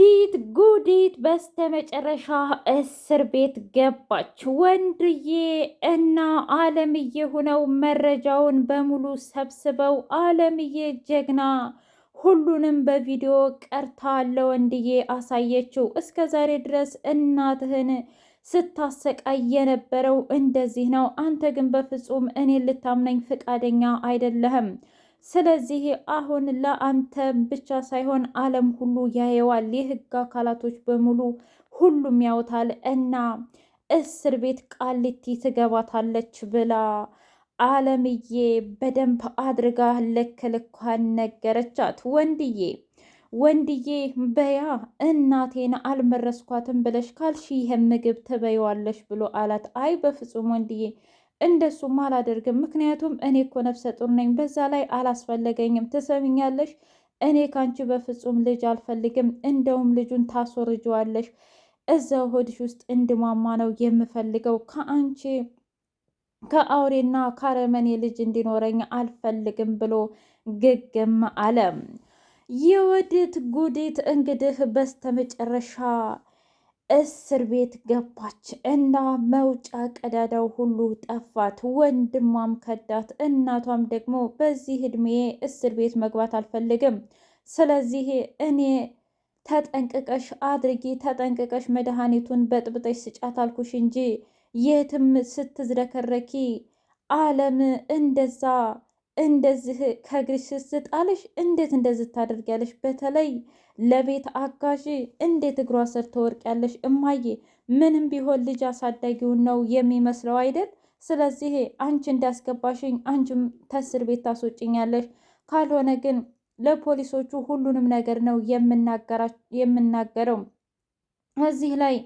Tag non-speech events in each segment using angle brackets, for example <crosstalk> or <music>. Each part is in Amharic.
ጉዲት ጉዲት በስተመጨረሻ እስር ቤት ገባች። ወንድዬ እና አለምዬ ሆነው መረጃውን በሙሉ ሰብስበው አለምዬ ጀግና ሁሉንም በቪዲዮ ቀርታ ለወንድዬ አሳየችው። እስከ ዛሬ ድረስ እናትህን ስታሰቃይ የነበረው እንደዚህ ነው። አንተ ግን በፍጹም እኔን ልታምነኝ ፈቃደኛ አይደለህም። ስለዚህ አሁን ለአንተ ብቻ ሳይሆን ዓለም ሁሉ ያየዋል። የህግ አካላቶች በሙሉ ሁሉም ያውታል እና እስር ቤት ቃሊቲ ትገባታለች ብላ አለምዬ በደንብ አድርጋ ልክ ልኳን ነገረቻት። ወንድዬ ወንድዬ በያ እናቴን አልመረስኳትም ብለሽ ካልሽ ይህም ምግብ ትበይዋለሽ ብሎ አላት። አይ በፍጹም ወንድዬ እንደሱም አላደርግም። ምክንያቱም እኔ እኮ ነፍሰ ጡር ነኝ፣ በዛ ላይ አላስፈለገኝም። ትሰሚኛለሽ? እኔ ካንቺ በፍጹም ልጅ አልፈልግም። እንደውም ልጁን ታስወርጅዋለሽ። እዛው ሆድሽ ውስጥ እንድማማ ነው የምፈልገው። ከአንቺ ከአውሬና ከአረመኔ ልጅ እንዲኖረኝ አልፈልግም ብሎ ግግም አለ። የወዲት ጉዲት እንግዲህ በስተመጨረሻ እስር ቤት ገባች እና መውጫ ቀዳዳው ሁሉ ጠፋት። ወንድሟም ከዳት፣ እናቷም ደግሞ በዚህ እድሜ እስር ቤት መግባት አልፈልግም፣ ስለዚህ እኔ ተጠንቅቀሽ አድርጊ፣ ተጠንቅቀሽ መድኃኒቱን በጥብጠሽ ስጫት አልኩሽ እንጂ የትም ስትዝረከረኪ ዓለም እንደዛ እንደዚህ ከእግርሽ ስጣልሽ እንዴት እንደዚህ ታደርጊያለሽ? በተለይ ለቤት አጋዥ እንዴት እግሯ ስር ትወርቂያለሽ? እማዬ ምንም ቢሆን ልጅ አሳዳጊውን ነው የሚመስለው አይደል? ስለዚህ አንቺ እንዳስገባሽኝ አንቺም ተስር ቤት ታስወጭኛለሽ፣ ካልሆነ ግን ለፖሊሶቹ ሁሉንም ነገር ነው የምናገረው። እዚህ ላይ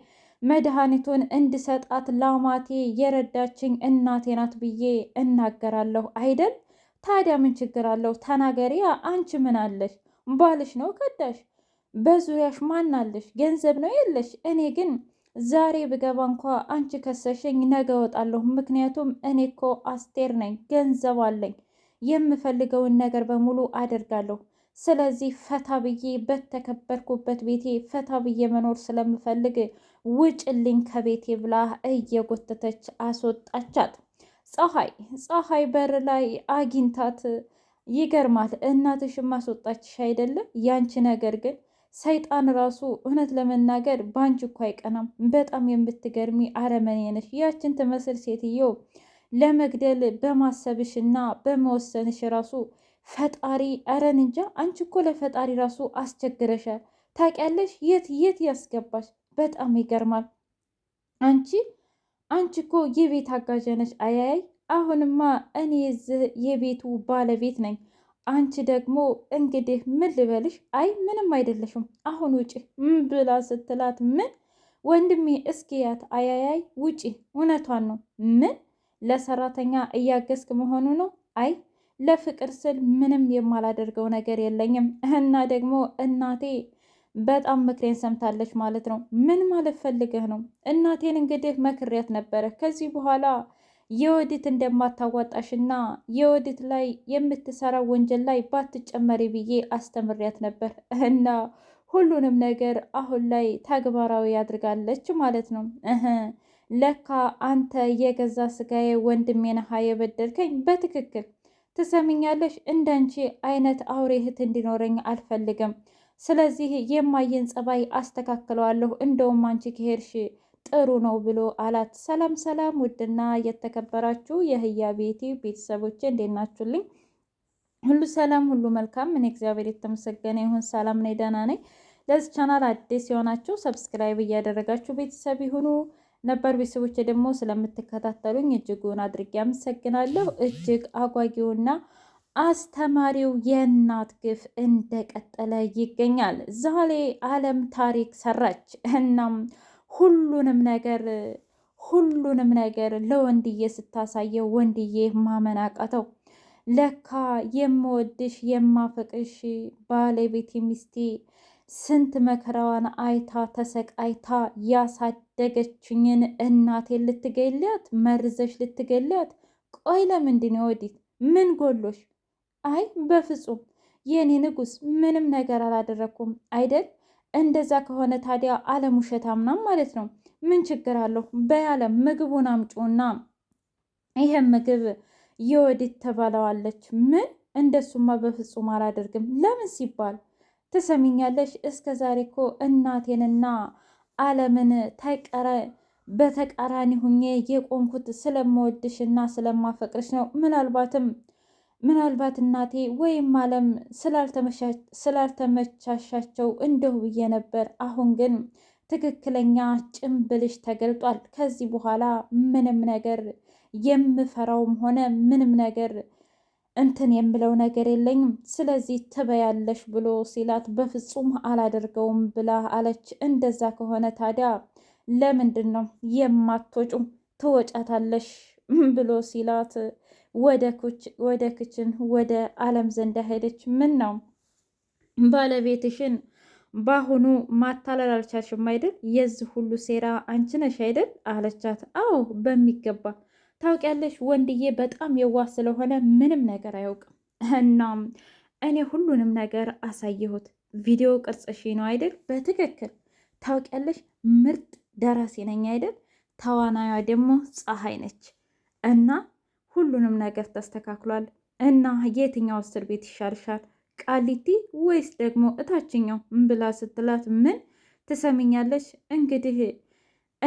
መድኃኒቱን እንድሰጣት ላማቴ የረዳችኝ እናቴ ናት ብዬ እናገራለሁ አይደል ታዲያ ምን ችግር አለው? ተናገሪያ። አንቺ ምን አለሽ? ባልሽ ነው ከዳሽ? በዙሪያሽ ማን አለሽ? ገንዘብ ነው የለሽ? እኔ ግን ዛሬ ብገባ እንኳ አንቺ ከሰሸኝ ነገ እወጣለሁ። ምክንያቱም እኔ እኮ አስቴር ነኝ፣ ገንዘብ አለኝ፣ የምፈልገውን ነገር በሙሉ አደርጋለሁ። ስለዚህ ፈታ ብዬ በተከበርኩበት ቤቴ ፈታ ብዬ መኖር ስለምፈልግ ውጭልኝ ከቤቴ ብላ እየጎተተች አስወጣቻት። ፀሐይ ፀሐይ በር ላይ አግኝታት ይገርማል። እናትሽ ማስወጣችሽ አይደለም? ያንቺ ነገር ግን ሰይጣን ራሱ እውነት ለመናገር በአንቺ እኮ አይቀናም። በጣም የምትገርሚ አረመኔ ነሽ። ያችን ትመስል ሴትዮ ለመግደል በማሰብሽ እና በመወሰንሽ ራሱ ፈጣሪ አረን እንጃ። አንቺ እኮ ለፈጣሪ ራሱ አስቸግረሻል። ታውቂያለሽ? የት የት ያስገባሽ። በጣም ይገርማል አንቺ አንቺ እኮ የቤት አጋዣ ነሽ። አያያይ አሁንማ እኔ ዝህ የቤቱ ባለቤት ነኝ። አንቺ ደግሞ እንግዲህ ምን ልበልሽ? አይ ምንም አይደለሽም፣ አሁን ውጪ ብላ ስትላት ምን ወንድሜ እስኪያት፣ አያያይ ውጪ። እውነቷን ነው። ምን ለሰራተኛ እያገዝክ መሆኑ ነው? አይ ለፍቅር ስል ምንም የማላደርገው ነገር የለኝም እና ደግሞ እናቴ በጣም ምክሬን ሰምታለች ማለት ነው። ምን ማለት ፈልገህ ነው? እናቴን እንግዲህ መክሬያት ነበረ ከዚህ በኋላ የወዲት እንደማታዋጣሽና የወዲት ላይ የምትሰራ ወንጀል ላይ ባትጨመሪ ብዬ አስተምሪያት ነበር እና ሁሉንም ነገር አሁን ላይ ተግባራዊ ያድርጋለች ማለት ነው። ለካ አንተ የገዛ ስጋዬ ወንድሜ ነህ የበደልከኝ። በትክክል ትሰምኛለሽ። እንዳንቺ አይነት አውሬ እህት እንዲኖረኝ አልፈልግም። ስለዚህ የማየን ጸባይ አስተካክለዋለሁ፣ እንደውም አንቺ ከሄድሽ ጥሩ ነው ብሎ አላት። ሰላም ሰላም! ውድና የተከበራችሁ የህያ ቤቴ ቤተሰቦች እንዴት ናችሁልኝ? ሁሉ ሰላም፣ ሁሉ መልካም። እኔ እግዚአብሔር የተመሰገነ ይሁን ሰላም ነኝ፣ ደህና ነኝ። ለዚህ ቻናል አዲስ የሆናችሁ ሰብስክራይብ እያደረጋችሁ ቤተሰብ ይሁኑ። ነበር ቤተሰቦች ደግሞ ስለምትከታተሉኝ እጅጉን አድርጌ አመሰግናለሁ። እጅግ አጓጊውና አስተማሪው የእናት ግፍ እንደቀጠለ ይገኛል። ዛሬ አለም ታሪክ ሰራች። እናም ሁሉንም ነገር ሁሉንም ነገር ለወንድዬ ስታሳየው ወንድዬ ማመን አቃተው። ለካ የምወድሽ የማፈቅሽ ባለቤት ሚስቴ ስንት መከራዋን አይታ ተሰቃይታ ያሳደገችኝን እናቴ ልትገልያት መርዘሽ ልትገልያት? ቆይ ለምንድን ወዲት ምን ጎሎሽ አይ በፍጹም የእኔ ንጉስ ምንም ነገር አላደረግኩም አይደል? እንደዛ ከሆነ ታዲያ አለም ውሸታምናም ማለት ነው። ምን ችግር አለሁ? በያለም ምግቡን አምጮና ይህም ምግብ የወዲት ተባለዋለች። ምን እንደሱማ በፍጹም አላደርግም። ለምን ሲባል ትሰሚኛለሽ? እስከ ዛሬ እኮ እናቴንና አለምን ተቀረ በተቃራኒ ሁኜ የቆምኩት ስለምወድሽ እና ስለማፈቅርሽ ነው ምናልባትም ምናልባት እናቴ ወይም አለም ስላልተመቻሻቸው እንደው ብዬ ነበር። አሁን ግን ትክክለኛ ጭንብልሽ ተገልጧል። ከዚህ በኋላ ምንም ነገር የምፈራውም ሆነ ምንም ነገር እንትን የምለው ነገር የለኝም። ስለዚህ ትበያለሽ ብሎ ሲላት በፍጹም አላደርገውም ብላ አለች። እንደዛ ከሆነ ታዲያ ለምንድን ነው የማትወጩ? ትወጫታለሽ ብሎ ሲላት ወደ ክችን ወደ አለም ዘንድ ሄደች። ምን ነው ባለቤትሽን በአሁኑ ማታለል አልቻልሽም አይደል? የዚህ ሁሉ ሴራ አንቺ ነሽ አይደል አለቻት። አዎ በሚገባ ታውቂያለሽ፣ ወንድዬ በጣም የዋህ ስለሆነ ምንም ነገር አያውቅም። እናም እኔ ሁሉንም ነገር አሳየሁት። ቪዲዮ ቅርጽሽ ነው አይደል? በትክክል ታውቂያለሽ፣ ምርጥ ደራሲ ነኝ አይደል? ተዋናዩ ደግሞ ፀሐይ ነች እና ሁሉንም ነገር ተስተካክሏል። እና የትኛው እስር ቤት ይሻልሻል ቃሊቲ ወይስ ደግሞ እታችኛው ብላ ስትላት፣ ምን ትሰሚኛለሽ? እንግዲህ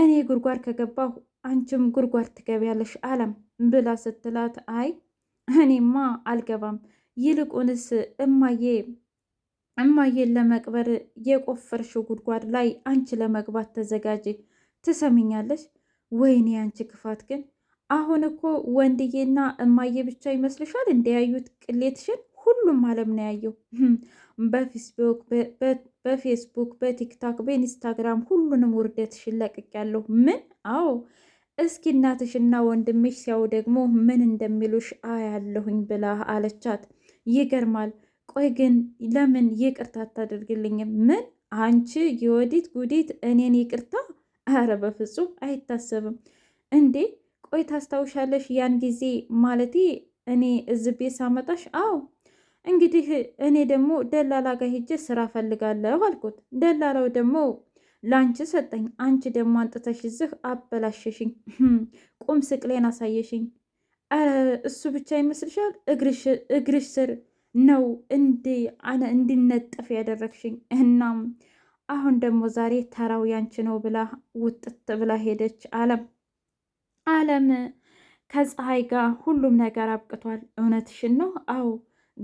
እኔ ጉድጓድ ከገባሁ አንቺም ጉድጓድ ትገቢያለሽ አለም ብላ ስትላት፣ አይ እኔማ አልገባም። ይልቁንስ እማዬ እማዬን ለመቅበር የቆፈርሽው ጉድጓድ ላይ አንቺ ለመግባት ተዘጋጅ። ትሰሚኛለሽ? ወይኔ አንቺ ክፋት ግን አሁን እኮ ወንድዬና እማዬ ብቻ ይመስልሻል እንደያዩት ቅሌትሽን ሁሉም ዓለም ነው ያየው። በፌስቡክ፣ በቲክታክ፣ በኢንስታግራም ሁሉንም ውርደትሽን ያለሁ ምን? አዎ እስኪ እናትሽና ወንድምሽ ሲያው ደግሞ ምን እንደሚሉሽ አያለሁኝ ብላ አለቻት። ይገርማል። ቆይ ግን ለምን ይቅርታ አታደርግልኝም? ምን? አንቺ የወዲት ጉዲት እኔን ይቅርታ? አረ በፍጹም አይታሰብም እንዴ ቆይ ታስታውሻለሽ ያን ጊዜ ማለቴ እኔ እዚህ ቤት ሳመጣሽ? አዎ እንግዲህ እኔ ደግሞ ደላላ ጋር ሄጄ ስራ ፈልጋለሁ አልኩት። ደላላው ደግሞ ለአንቺ ሰጠኝ። አንቺ ደግሞ አንጥተሽ እዚህ አበላሸሽኝ፣ ቁም ስቅሌን አሳየሽኝ። እሱ ብቻ ይመስልሻል? እግርሽ ስር ነው እንዲ አነ እንዲነጠፍ ያደረግሽኝ። እናም አሁን ደግሞ ዛሬ ተራው ያንቺ ነው ብላ ውጥት ብላ ሄደች አለም አለም ከፀሐይ ጋር ሁሉም ነገር አብቅቷል። እውነትሽን ነው። አዎ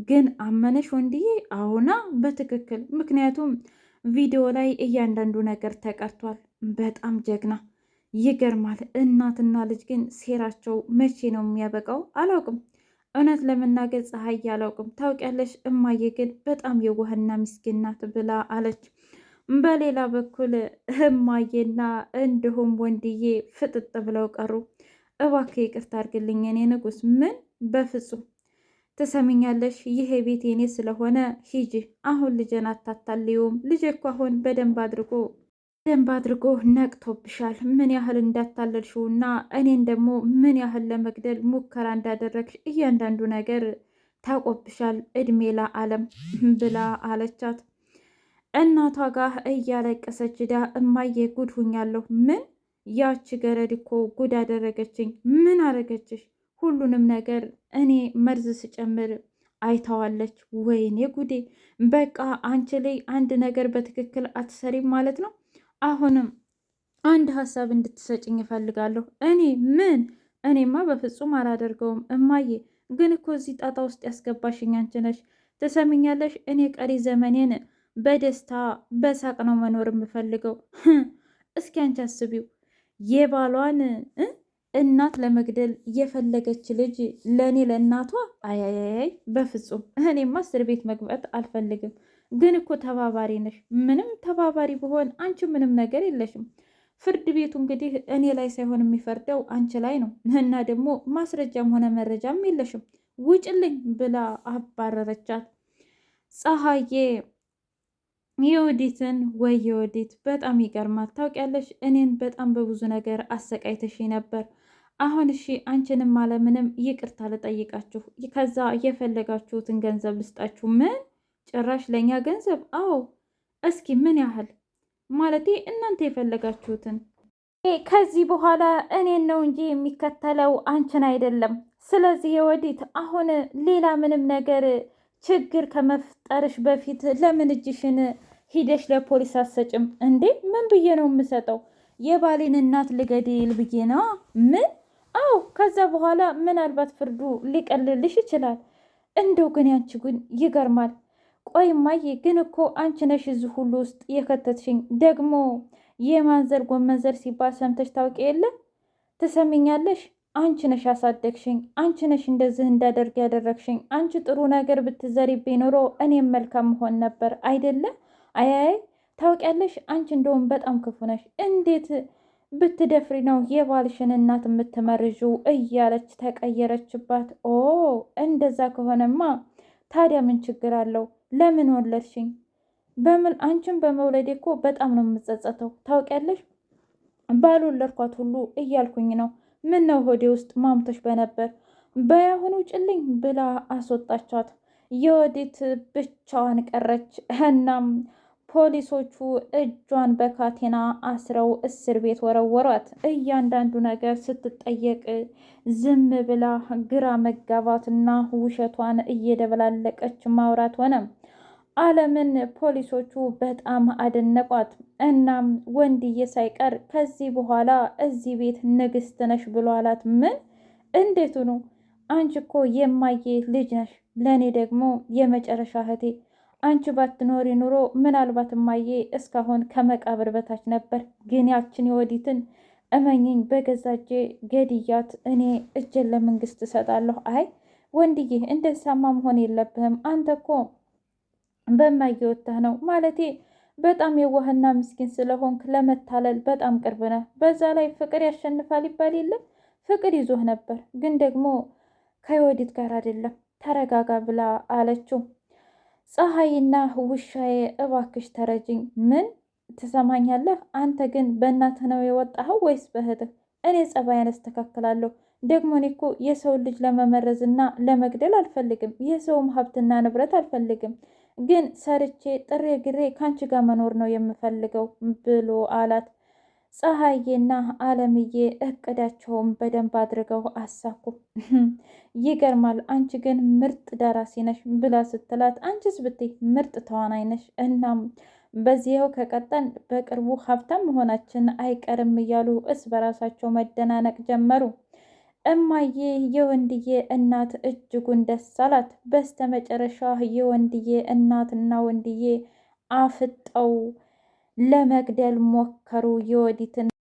ግን አመነሽ ወንድዬ? አሁና በትክክል ምክንያቱም ቪዲዮ ላይ እያንዳንዱ ነገር ተቀርቷል። በጣም ጀግና ይገርማል። እናትና ልጅ ግን ሴራቸው መቼ ነው የሚያበቃው? አላውቅም። እውነት ለመናገር ፀሐይ አላውቅም። ታውቂያለሽ፣ እማዬ ግን በጣም የዋህና ምስኪን ናት ብላ አለች። በሌላ በኩል እማዬና እንዲሁም ወንድዬ ፍጥጥ ብለው ቀሩ። እባክህ ይቅርታ አድርግልኝ የኔ ንጉስ ምን? በፍጹም ትሰሚኛለሽ፣ ይሄ ቤት የኔ ስለሆነ ሂጂ። አሁን ልጄን አታታልዩም። ልጄ እኮ አሁን በደንብ አድርጎ በደንብ አድርጎ ነቅቶብሻል። ምን ያህል እንዳታለልሽውና እኔን ደግሞ ምን ያህል ለመግደል ሙከራ እንዳደረግሽ እያንዳንዱ ነገር ታቆብሻል። እድሜ ለዓለም ብላ አለቻት። እናቷ ጋር እያለቀሰች ዳ እማዬ ጉድ ሁኛለሁ። ምን ያቺ ገረድ እኮ ጉድ አደረገችኝ። ምን አደረገችሽ? ሁሉንም ነገር እኔ መርዝ ስጨምር አይታዋለች። ወይኔ ጉዴ! በቃ አንቺ ላይ አንድ ነገር በትክክል አትሰሪም ማለት ነው። አሁንም አንድ ሀሳብ እንድትሰጭኝ እፈልጋለሁ። እኔ ምን? እኔማ በፍጹም አላደርገውም። እማዬ ግን እኮ እዚህ ጣጣ ውስጥ ያስገባሽኝ አንቺ ነሽ። እኔ ቀሪ ዘመኔን በደስታ በሳቅ ነው መኖር የምፈልገው። <laughs> እስኪ አንቺ አስቢው የባሏን እናት ለመግደል የፈለገች ልጅ ለእኔ ለእናቷ አያያያይ፣ በፍጹም እኔማ እስር ቤት መግባት አልፈልግም። ግን እኮ ተባባሪ ነሽ። ምንም ተባባሪ ብሆን አንቺ ምንም ነገር የለሽም። ፍርድ ቤቱ እንግዲህ እኔ ላይ ሳይሆን የሚፈርደው አንቺ ላይ ነው እና ደግሞ ማስረጃም ሆነ መረጃም የለሽም። ውጭልኝ ብላ አባረረቻት ፀሐዬ የወዲትን ወይ የወዴት በጣም ይገርማል። ታውቂያለሽ እኔን በጣም በብዙ ነገር አሰቃይተሽ ነበር። አሁን እሺ አንቺንም አለምንም ይቅርታ ልጠይቃችሁ፣ ከዛ የፈለጋችሁትን ገንዘብ ልስጣችሁ። ምን ጭራሽ ለእኛ ገንዘብ? አዎ እስኪ ምን ያህል ማለቴ እናንተ የፈለጋችሁትን። ከዚህ በኋላ እኔን ነው እንጂ የሚከተለው አንቺን አይደለም። ስለዚህ የወዲት አሁን ሌላ ምንም ነገር ችግር ከመፍጠርሽ በፊት ለምን እጅሽን ሂደሽ ለፖሊስ አሰጭም እንዴ? ምን ብዬ ነው የምሰጠው? የባሌን እናት ልገድል ብዬ ነው? ምን? አዎ። ከዛ በኋላ ምናልባት ፍርዱ ሊቀልልሽ ይችላል። እንደው ግን ያንቺ ግን ይገርማል። ቆይ ማዬ፣ ግን እኮ አንቺ ነሽ እዚህ ሁሉ ውስጥ የከተትሽኝ። ደግሞ የማንዘር ጎመንዘር ሲባል ሰምተሽ ታውቂ የለ? ትሰሚኛለሽ? አንቺ ነሽ ያሳደግሽኝ፣ አንቺ ነሽ እንደዚህ እንዳደርግ ያደረግሽኝ። አንቺ ጥሩ ነገር ብትዘሪብኝ ኑሮ እኔም መልካም መሆን ነበር አይደለም። አያይ ታውቂያለሽ፣ አንቺ እንደውም በጣም ክፉ ነሽ። እንዴት ብትደፍሪ ነው የባልሽን እናት የምትመርዡ? እያለች ተቀየረችባት። ኦ እንደዛ ከሆነማ ታዲያ ምን ችግር አለው? ለምን ወለድሽኝ? በምን አንቺን በመውለዴ እኮ በጣም ነው የምጸጸተው። ታውቂያለሽ፣ ባልወለድኳት ሁሉ እያልኩኝ ነው ምን ነው ሆዴ ውስጥ ማምቶች በነበር በያሁኑ ጭልኝ ብላ አስወጣቻት። የወዲት ብቻዋን ቀረች። እናም ፖሊሶቹ እጇን በካቴና አስረው እስር ቤት ወረወሯት። እያንዳንዱ ነገር ስትጠየቅ ዝም ብላ ግራ መጋባትና ውሸቷን እየደበላለቀች ማውራት ሆነም አለምን ፖሊሶቹ በጣም አደነቋት። እናም ወንድዬ ሳይቀር ከዚህ በኋላ እዚህ ቤት ንግስት ነሽ ብሎ አላት። ምን እንዴት ነው? አንቺ እኮ የማየ ልጅ ነሽ፣ ለእኔ ደግሞ የመጨረሻ እህቴ። አንቺ ባትኖሪ ኑሮ ምናልባት እማዬ እስካሁን ከመቃብር በታች ነበር። ግን ያችን የወዲትን እመኝኝ በገዛ እጄ ገድያት እኔ እጄን ለመንግስት እሰጣለሁ። አይ ወንድዬ እንደሳማ መሆን የለብህም አንተ እኮ በማየወታህ ነው ማለቴ በጣም የዋህና ምስኪን ስለሆንክ ለመታለል በጣም ቅርብ ነህ። በዛ ላይ ፍቅር ያሸንፋል ይባል የለም ፍቅር ይዞህ ነበር፣ ግን ደግሞ ከይወዲት ጋር አይደለም። ተረጋጋ ብላ አለችው። ፀሐይና ውሻዬ እባክሽ ተረጅኝ። ምን ትሰማኛለህ? አንተ ግን በእናትህ ነው የወጣኸው ወይስ በእህትህ? እኔ ጸባዬን አስተካክላለሁ። ደግሞ እኔ እኮ የሰውን ልጅ ለመመረዝና ለመግደል አልፈልግም። የሰውም ሀብትና ንብረት አልፈልግም። ግን ሰርቼ ጥሬ ግሬ ከአንቺ ጋር መኖር ነው የምፈልገው ብሎ አላት። ፀሐዬና አለምዬ እቅዳቸውን በደንብ አድርገው አሳኩ። <laughs> ይገርማል አንቺ ግን ምርጥ ደራሲ ነሽ ብላ ስትላት፣ አንቺስ ብትይ ምርጥ ተዋናይ ነሽ። እናም በዚያው ከቀጠን በቅርቡ ሀብታም መሆናችን አይቀርም እያሉ እስ በራሳቸው መደናነቅ ጀመሩ። እማዬ የወንድዬ እናት እጅጉን ደስ አላት። በስተ መጨረሻ የወንድዬ እናትና ወንድዬ አፍጠው ለመግደል ሞከሩ የወዲትን